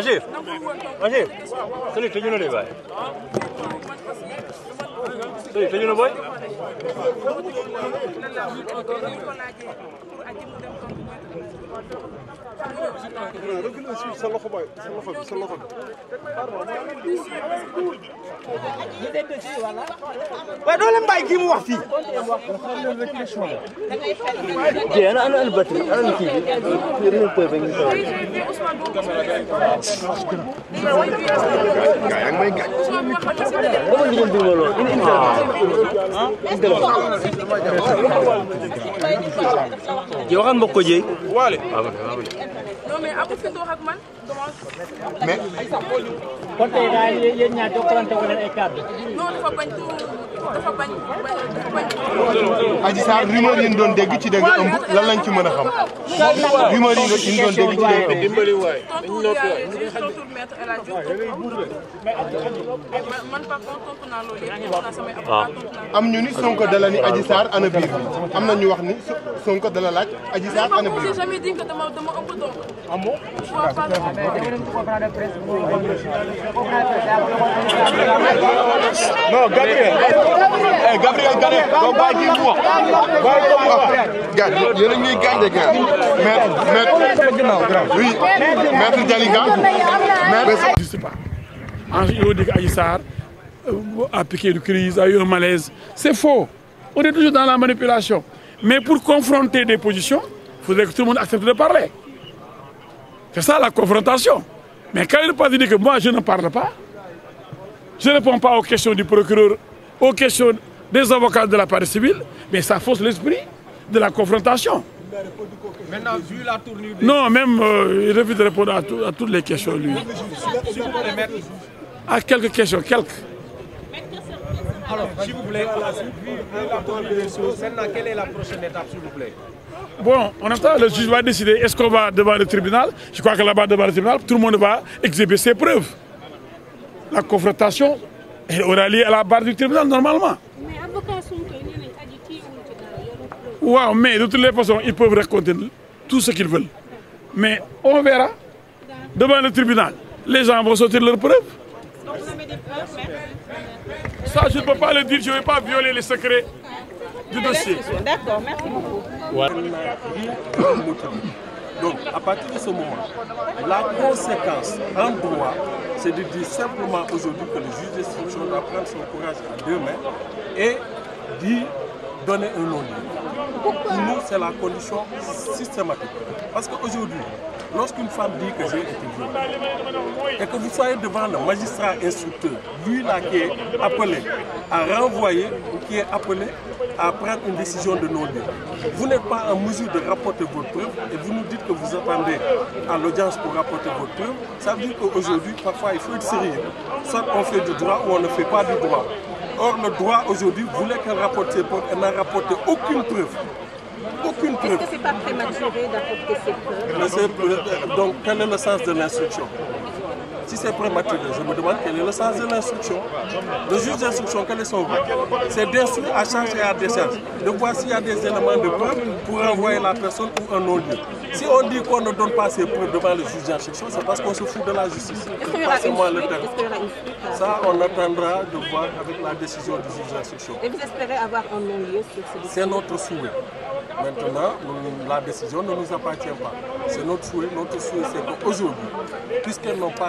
Rajiv, Rajiv, salut, tëju na de waay. Salut, tëju na booy. reculer si sa loxo bay sa loxo bi sa loxo bi waaye doo leen bàyyi kii mu wax fii jee ana ana ana batterie ana ana kii bi yéen poy ba ngi sa dama ma lool une interview. yow xam ko jéeg. non mais amul fi nga wax ak man. mais. kon dafa bañ dafa bañ. ñu doon dégg ci dégg ëmb lan lañ ci mën a xam. rumeur yi ñu doon dégg ci dégg ah. am ñu ni Sonko dala ni Adji Sarr ana bi am na ñu wax ni Sonko dala laaj aji Sarr ana bi. Eh Gabriel Garé donc bàyyi kii mu wax bàyyi ko mu wax gars yéen a ngi gàncax gars maître oui maître Dialika maître. je ne sais pas en on dit qu'Adji Sarr euh, a piqué une crise a eu un malaise c'est faux on est toujours dans la manipulation mais pour confronter des positions il faudrait que tout le monde accepte de parler c'est ça la confrontation mais quand il ne pas dire que moi je ne parle pas je ne réponds pas aux questions du procureur aux questions des avocats de la partie civile, mais ça fausse l'esprit de la confrontation. Maintenant, vu la tournure... Des... Non, même, euh, il refuse de répondre à, tout, à, toutes les questions, lui. À quelques questions, quelques. Alors, s'il vous plaît, vu la tournure des choses, maintenant, quelle est la prochaine étape, s'il vous plaît Bon, on attend, le juge va décider, est-ce qu'on va devant le tribunal Je crois que là-bas, devant le tribunal, tout le monde va exhiber ses preuves. La confrontation il eh, aura à la barre du tribunal normalement. mais avocat Sonko waaw mais de toutes les façons ils peuvent raconter tout ce qu'ils veulent mais on verra devant le tribunal les gens vous avez des preuves mais. ça je le dire je ne pas violer les secrets du dossier. Donc, à partir de ce moment, la conséquence en droit, c'est de dire simplement aujourd'hui que le juge d'instruction doit son courage à deux mains et d'y donner un non-lieu. Pour nous, c'est la condition systématique. Parce qu'aujourd'hui, lorsqu'une femme dit que j'ai été violée, et que vous soyez devant le magistrat instructeur, lui là qui est appelé à renvoyer ou qui est appelé à prendre une décision de non-lieu. Vous n'êtes pas en mesure de rapporter votre preuve et vous nous dites que vous attendez à l'audience pour rapporter votre preuve. Ça veut dire qu'aujourd'hui, parfois, il faut être sérieux. Soit on fait du droit ou on ne fait pas du droit. Or, le droit aujourd'hui voulait qu'elle rapporte ses preuves. Elle n'a rapporté aucune preuve. Aucune preuve. Est-ce euh, Donc, quel est le sens de l'instruction si c'est prématuré, je me demande quel est le sens l'instruction. Le juge d'instruction, quel est son but C'est d'instruire à charge et à décharge, de voir s'il a des éléments de preuve pour envoyer la personne ou un non-lieu. Si on dit qu'on ne donne pas ces devant le juge c'est parce qu'on se de la justice. Passez-moi le terme. Ça, on attendra de voir avec la décision du juge d'instruction. C'est notre souhait. notre souhait.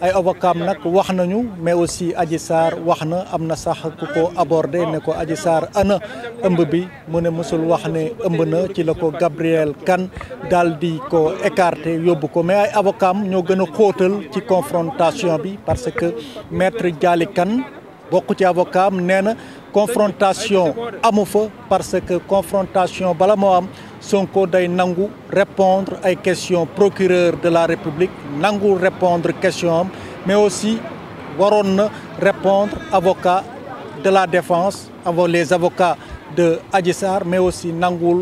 ay avocam nag wax nañu mais aussi Adji Sarr wax na am na sax ku ko abordé ne ko aji Sarr ana ëmb bi mu ne mësul wax ne ëmb na ci la ko Gabriel kan daal di ko écarté yóbbu ko mais ay avocats ñoo gën a xóotal ci confrontation bi parce que maître Dialy kan bokk ci avocat am nee na confrontation amu fa parce que confrontation bala moo am. Sonko day nangu répondre ay question procureur de la République nangu répondre question am mais aussi waroon na répondre avocat de la défense avant les avocats de Adji Sarr mais aussi nangul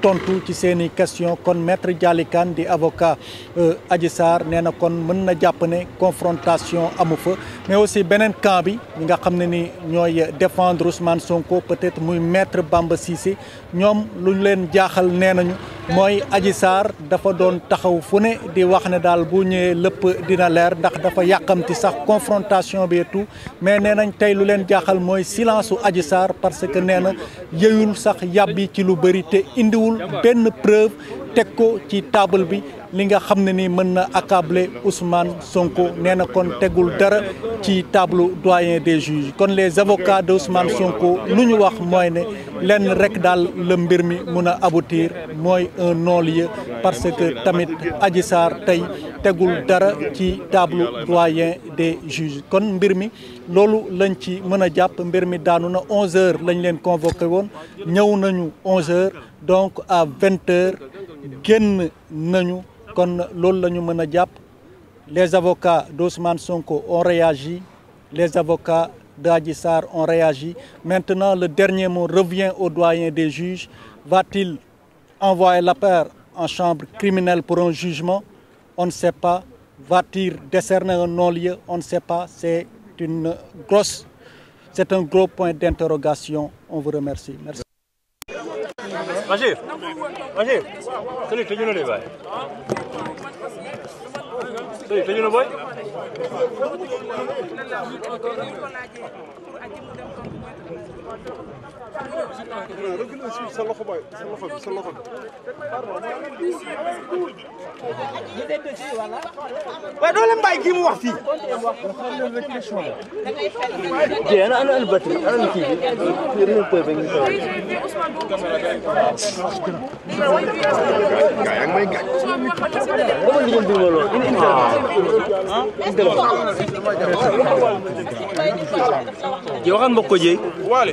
tontu ci seen i question kon maître Dialikane di avocat euh, Adji Sarr nee na kon mën na jàpp ne confrontation amu fa mais aussi beneen camp bi nga xam ne ni ñooy défendre Ousmane Sonko peut-être muy maître Bamba Cissé ñoom lu leen jaaxal nee nañu mooy Adji Sarr dafa doon taxaw fu ne di wax ne daal bu ñëwee lépp dina leer ndax dafa yàqamti sax confrontation bi et mais nee nañ tey lu leen jaaxal mooy silence u Adji Sarr parce que nee na yëyul sax yàbbi ci lu bëri te indiwul benn preuve teg ko ci table bi li nga xam ne ni mën na accabler Ousmane Sonko nee na kon tegul dara ci table doyen des juges kon les avocats de Ousmane Sonko lu ñu wax mooy ne lenn rek daal la mbir mi mun a aboutir mooy un non-lieu parce que tamit Adji Sarr tey tegul dara ci table doyen des juges kon mbir mi loolu lañ ci mën a jàpp mbir mi daanu na 11h lañ leen convoqué woon ñëw nañu 11h donc à 20h. génn nañu kon loolu la ñu mën a jàpp les avocats d'Ousmane Sonko ont réagi les avocats d'Adji Sarr ont réagi maintenant le dernier mot revient au doyen des juges va-t-il envoyer l'affaire en chambre criminelle pour un jugement on ne sait pas va-t-il décerner un non on ne sait pas c'est une grosse c'est un gros point d'interrogation on vous remercie Rajiv, Rajiv, sëñ bi tëju na de waay. sëñ bi tëju na booy. sa loxo booy sa loxo bi sa loxo bi. waaye doo leen bàyyi kii mu wax fii. jërëjëf ana ana ana batterie ana ana kii bi. gaa yaa ngi may gàcc. yow xam nga ko jéy. waale.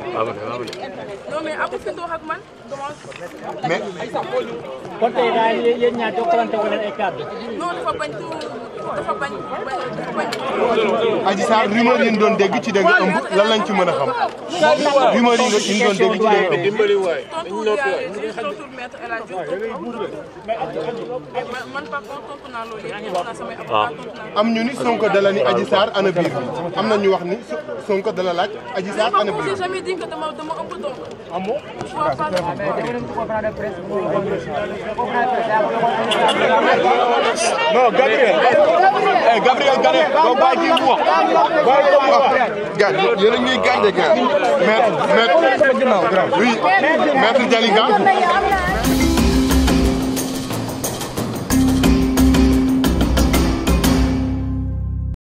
non mais amul fi wax ak man. mais. kon tey daal yéen ñaar jokkalante wala ay kàddu. non dafa bañ dafa bañ dafa bañ. Adji Sarr rumeur yi ñu doon dégg ci dégg ëmb lan mën a xam. rumeur yi maître El Hadj man papa tontu naa loolu yëpp. Ah. am ñu ni Sonko dala ni ana biir am na ñu wax ni Sonko dala laaj ana biir bi. Gabriel. Eh, Gabriel Gane. donc bàyyi wax. bàyyi ko mu wax. gars a ngi gàncax gi. maître